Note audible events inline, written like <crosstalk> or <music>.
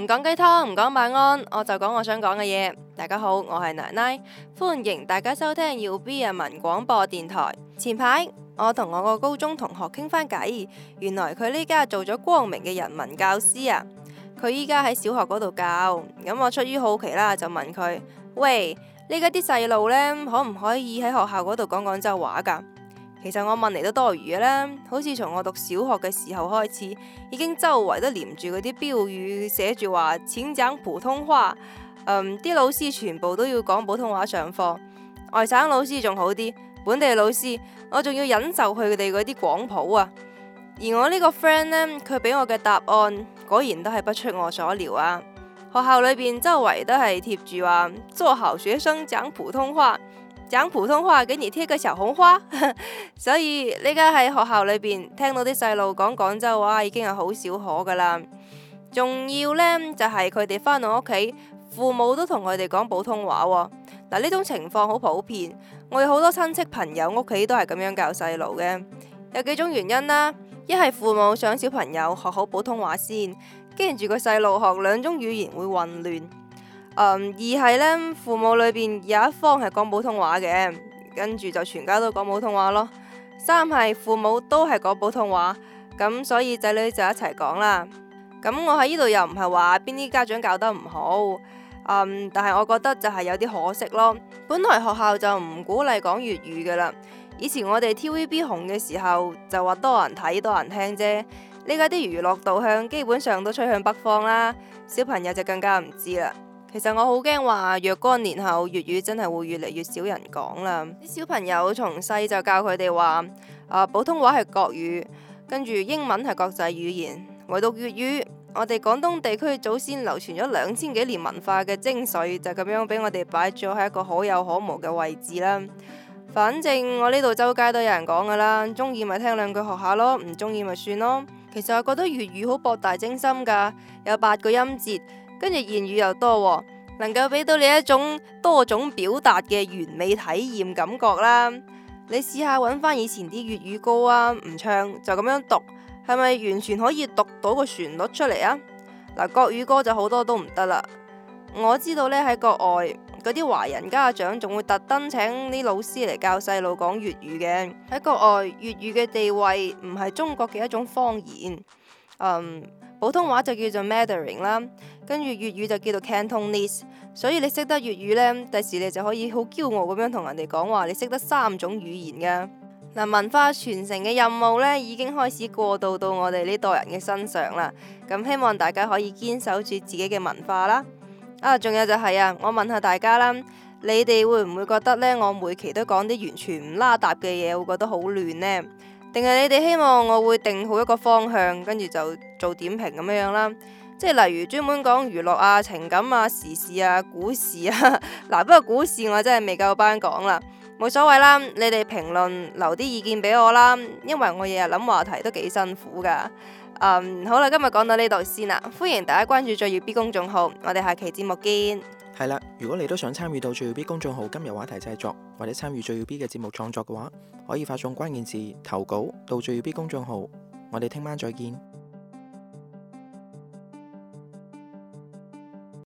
唔講雞湯，唔講晚安，我就講我想講嘅嘢。大家好，我係奶奶，歡迎大家收聽耀 B 人民廣播電台。前排我同我個高中同學傾翻偈，原來佢呢家做咗光明嘅人民教師啊！佢依家喺小學嗰度教，咁我出於好奇啦，就問佢：喂，呢家啲細路呢，可唔可以喺學校嗰度講廣州話噶？其實我問嚟都多餘嘅啦，好似從我讀小學嘅時候開始，已經周圍都黏住嗰啲標語寫，寫住話請講普通話。嗯，啲老師全部都要講普通話上課，外省老師仲好啲，本地老師我仲要忍受佢哋嗰啲廣普啊。而我呢個 friend 呢，佢俾我嘅答案果然都係不出我所料啊。學校裏邊周圍都係貼住話，做好學生講普通話。講普通話竟然貼個小紅花， <laughs> 所以呢家喺學校裏邊聽到啲細路講廣州話已經係好少可噶啦，仲要呢，就係佢哋返到屋企，父母都同佢哋講普通話喎。嗱，呢種情況好普遍，我有好多親戚朋友屋企都係咁樣教細路嘅，有幾種原因啦，一係父母想小朋友學好普通話先，驚住個細路學兩種語言會混亂。嗯，um，二係呢，父母裏邊有一方係講普通話嘅，跟住就全家都講普通話咯。三係父母都係講普通話，咁所以仔女就一齊講啦。咁我喺呢度又唔係話邊啲家長教得唔好，嗯，但係我覺得就係有啲可惜咯。本來學校就唔鼓勵講粵語㗎啦。以前我哋 TVB 紅嘅時候就話多人睇，多人聽啫。呢家啲娛樂導向基本上都吹向北方啦，小朋友就更加唔知啦。其實我好驚話，若干年後粵語真係會越嚟越少人講啦。啲小朋友從細就教佢哋話，啊普通話係國語，跟住英文係國際語言，唯獨粵語，我哋廣東地區祖先流傳咗兩千幾年文化嘅精髓，就咁樣俾我哋擺咗喺一個可有可無嘅位置啦。反正我呢度周街都有人講㗎啦，中意咪聽兩句學下咯，唔中意咪算咯。其實我覺得粵語好博大精深㗎，有八個音節。跟住言語又多、哦，能夠俾到你一種多種表達嘅完美體驗感覺啦。你試下揾翻以前啲粵語歌啊，唔唱就咁樣讀，係咪完全可以讀到個旋律出嚟啊？嗱，國語歌就好多都唔得啦。我知道呢，喺國外嗰啲華人家長仲會特登請啲老師嚟教細路講粵語嘅。喺國外，粵語嘅地位唔係中國嘅一種方言，嗯，普通話就叫做 Mandarin 啦。跟住粵語就叫做 Cantonese，所以你識得粵語呢，第時你就可以好驕傲咁樣同人哋講話，你識得三種語言嘅嗱。文化傳承嘅任務呢，已經開始過渡到我哋呢代人嘅身上啦。咁希望大家可以堅守住自己嘅文化啦。啊，仲有就係啊，我問下大家啦，你哋會唔會覺得呢？我每期都講啲完全唔拉搭嘅嘢，會覺得好亂呢？定係你哋希望我會定好一個方向，跟住就做點評咁樣樣啦？即係例如專門講娛樂啊、情感啊、時事啊、股市啊，嗱， <laughs> 不過股市我真係未夠班講啦，冇所謂啦，你哋評論留啲意見俾我啦，因為我日日諗話題都幾辛苦噶。嗯，好啦，今日講到呢度先啦，歡迎大家關注最耀 B 公眾號，我哋下期節目見。係啦，如果你都想參與到最耀 B 公眾號今日話題製作，或者參與最耀 B 嘅節目創作嘅話，可以發送關鍵字投稿到最耀 B 公眾號，我哋聽晚再見。